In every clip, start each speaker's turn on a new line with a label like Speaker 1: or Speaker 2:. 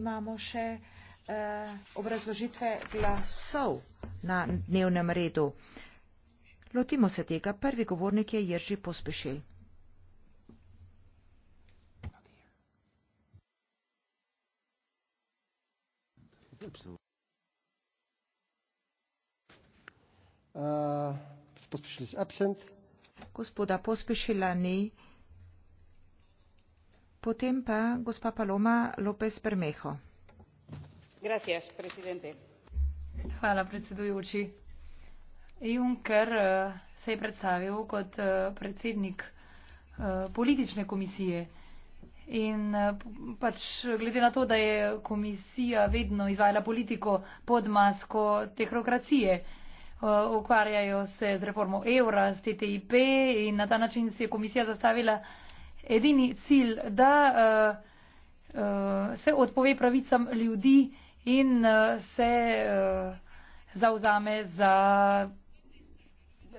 Speaker 1: Imamo še uh, obrazložitve glasov na dnevnem redu. Lotimo se tega. Prvi govornik je Jerži Pospešil. Uh, Gospoda Pospešila ni. Potem pa gospa Paloma López Permejo.
Speaker 2: Hvala, predsedujoči. Juncker eh, se je predstavil kot eh, predsednik eh, politične komisije. In pač glede na to, da je komisija vedno izvajala politiko pod masko tehnokracije, ukvarjajo se z reformo evra, s TTIP in na ta način se je komisija zastavila edini cilj, da eh, eh, se odpove pravicam ljudi in eh, se zauzame za,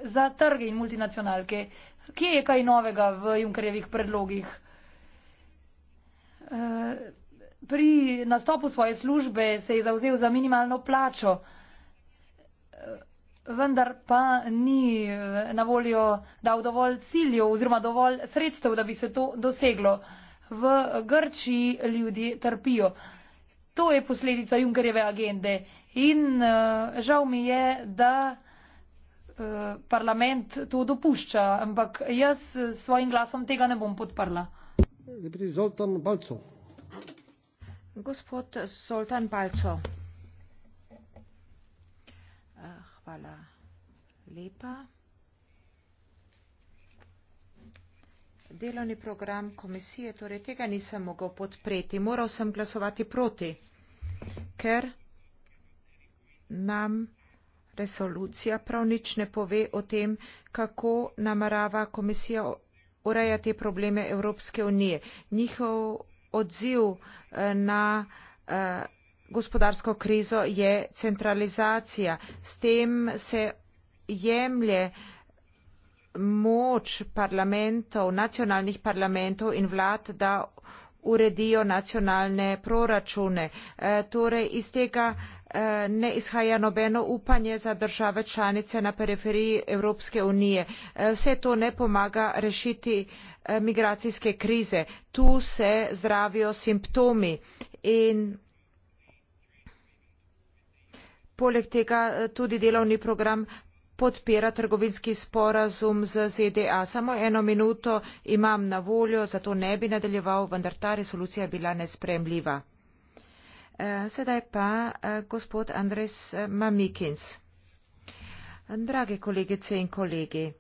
Speaker 2: za trge in multinacionalke. Kje je kaj novega v Junkerjevih predlogih? Pri nastopu svoje službe se je zauzel za minimalno plačo vendar pa ni eh, na voljo dal dovolj ciljev oziroma dovolj sredstev, da bi se to doseglo. V Grčiji ljudje trpijo. To je posledica Junkerjeve agende in eh, žal mi je, da eh, parlament to dopušča, ampak jaz s svojim glasom tega ne bom
Speaker 1: podprla. Gospod Zoltan Balco. lepa. Delovni program komisije, torej tega nisem mogel podpreti. Moral sem glasovati proti, ker nam resolucija prav nič ne pove o tem, kako namarava komisija urejati probleme Evropske unije. Njihov odziv eh, na eh, gospodarsko krizo je centralizacija. S tem se jemlje moč parlamentov, nacionalnih parlamentov in vlad, da uredijo nacionalne proračune. E, torej iz tega e, ne izhaja nobeno upanje za države članice na periferiji Evropske unije. E, vse to ne pomaga rešiti e, migracijske krize. Tu se zdravijo simptomi in poleg tega e, tudi delovni program podpira trgovinski sporazum z ZDA. Samo eno minuto imam na voljo, zato ne bi nadaljeval, vendar ta resolucija je bila nespremljiva. Eh, sedaj pa eh, gospod Andres eh, Mamikins. Drage kolegice in kolegi,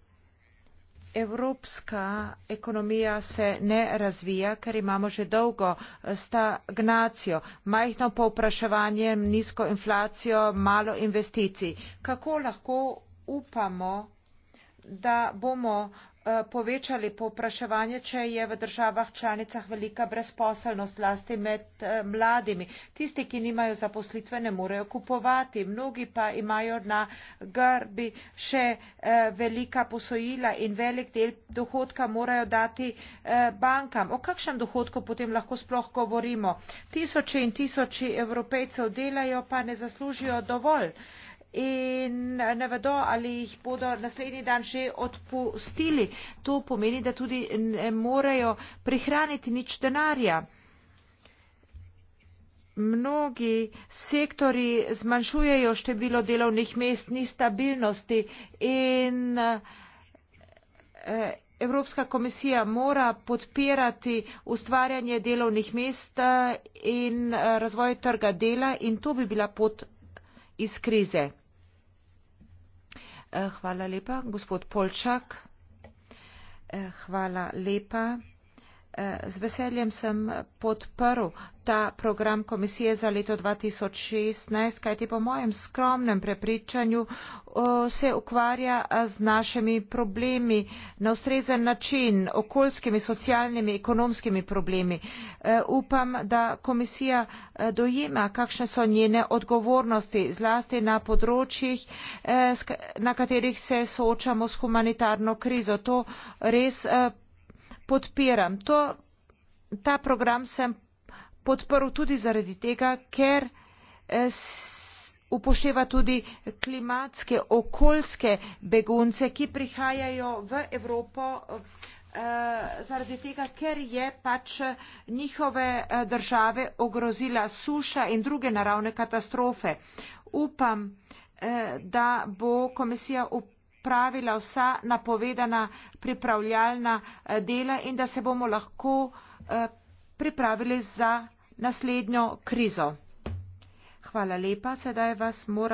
Speaker 1: evropska ekonomija se ne razvija, ker imamo že dolgo stagnacijo, majhno povpraševanje, nizko inflacijo, malo investicij. Kako lahko upamo, da bomo eh, povečali popraševanje, če je v državah članicah velika brezposelnost, lasti med eh, mladimi. Tisti, ki nimajo zaposlitve, ne morejo kupovati, mnogi pa imajo na grbi še eh, velika posojila in velik del dohodka morajo dati bankam. O kakšnem dohodku potem lahko sploh govorimo? Tisoče in tisoči evropejcev delajo, pa ne zaslužijo dovolj. In ne vedo, ali jih bodo naslednji dan že odpustili. To pomeni, da tudi ne morejo prihraniti nič denarja. Mnogi sektori zmanjšujejo število delovnih mest, ni stabilnosti in eh, Evropska komisija mora podpirati ustvarjanje delovnih mest eh, in eh, razvoj trga dela in to bi bila pot iz krize. Eh, hvala lepa. Gospod Polčak. Eh, hvala lepa. Eh, z veseljem sem podprl ta program komisije za leto 2016, kajti po mojem skromnem prepričanju se ukvarja z našimi problemi na ustrezen način, okoljskimi, socialnimi, ekonomskimi problemi. Eh, upam, da komisija eh, dojima, kakšne so njene odgovornosti, zlasti na področjih, na katerih se soočamo s humanitarno krizo. To res podpiram. To, ta program sem podprl tudi zaradi tega, ker eh, upošteva tudi klimatske, okoljske begunce, ki prihajajo v Evropo eh, zaradi tega, ker je pač eh, njihove države ogrozila suša in druge naravne katastrofe. Upam, da bo komisija upošteva opravila vsa napovedana pripravljalna eh, dela in da se bomo lahko eh, pripravili za naslednjo krizo. Hvala lepa, sedaj vas moram.